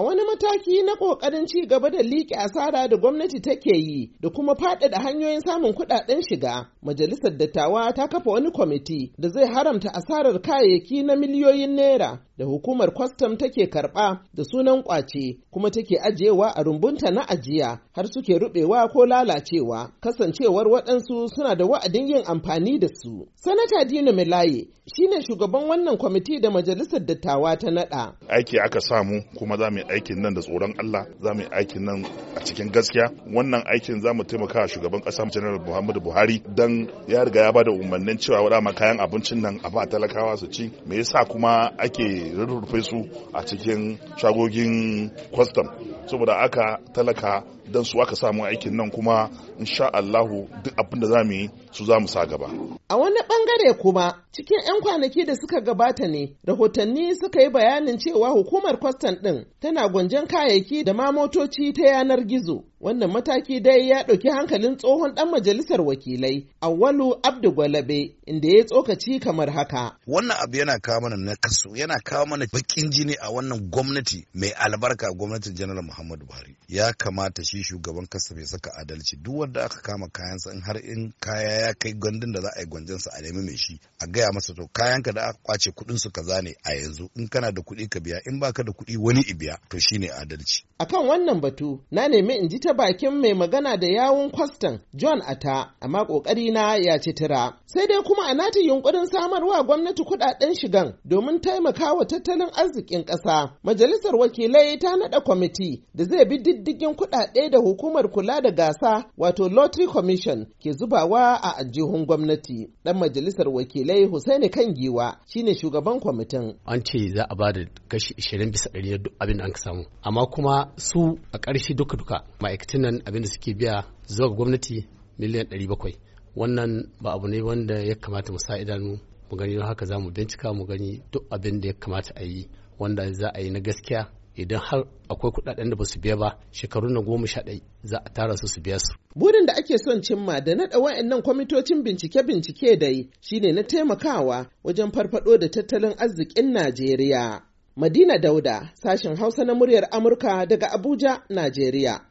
A wani mataki na ƙoƙarin ci gaba da liƙe asara da gwamnati take yi da kuma faɗaɗa hanyoyin samun kuɗaɗen shiga, Majalisar Dattawa ta kafa wani kwamiti da zai haramta asarar kayayyaki na miliyoyin naira da hukumar kwastam take karɓa da sunan ƙwace kuma take ajiyewa a rumbunta na ajiya har suke ruɓewa ko lalacewa, kasancewar waɗansu suna da wa'adin yin amfani da su. Sanata Dino milaye shine shugaban wannan kwamiti da Majalisar Dattawa ta naɗa. Aiki aka samu kuma za mu aikin nan da tsoron Allah za mu yi aikin nan a cikin gaskiya wannan aikin za mu taimaka shugaban ƙasa. General Muhammadu Buhari dan ya riga ya ba da umarnin cewa wada ma kayan abincin nan a ba talakawa su ci me yasa kuma ake rurrufe su a cikin shagogin kwastam saboda aka talaka don su aka samu aikin nan kuma insha Allahu duk abin da zamu yi su zamu sa gaba. A wani bangare kuma cikin 'yan kwanaki da suka gabata ne rahotanni suka yi bayanin cewa hukumar kwastan ɗin tana gwanjan kayayyaki da ma motoci ta yanar gizo. Wannan mataki dai ya ɗauki hankalin tsohon ɗan majalisar wakilai Auwalu Abdu Gwalabe inda ya tsokaci kamar haka. Wannan abu yana kawo mana nakasu yana kawo mana bakin jini a wannan gwamnati mai albarka gwamnatin Janar Muhammadu Buhari. Ya kamata shi shugaban kasa bai saka adalci duk wanda aka kama kayansa in har in kaya ya kai gandun da za a yi sa a nemi mai shi a gaya masa to ka da aka kwace kuɗin su kaza ne a yanzu in kana da kuɗi ka biya in baka da kuɗi wani biya to shine adalci akan wannan batu na nemi in ji ta bakin mai magana da yawun kwastan John Ata amma kokari na ya ci tira sai dai kuma a nata yunkurin samarwa gwamnati kuɗaɗen shigan domin taimakawa tattalin arzikin ƙasa majalisar wakilai ta naɗa kwamiti da zai bi diddigin kuɗaɗe da hukumar kula da gasa wato Lottery Commission ke zubawa a ajihun gwamnati. Dan majalisar wakilai Hussaini Kangiwa shine shugaban kwamitin. An ce za a bada kashi 20 bisa 100 na abin da an samu. Amma kuma su a ƙarshe duka-duka ma'aikatan nan abin da suke biya zuwa gwamnati miliyan 700. Wannan ba abu ne wanda ya kamata mu sa idanu mu gani don haka za mu bincika mu gani duk abin da ya kamata a yi wanda za a yi na gaskiya idan har akwai kudaden da ba su biya ba shekaru na goma sha ɗai za a tara su su biya su. Burin da ake son cimma da naɗa wa'annan kwamitocin bincike-bincike dai shine na taimakawa wajen farfado da tattalin arzikin Najeriya. Madina Dauda, sashen Hausa na muryar Amurka daga Abuja, Najeriya.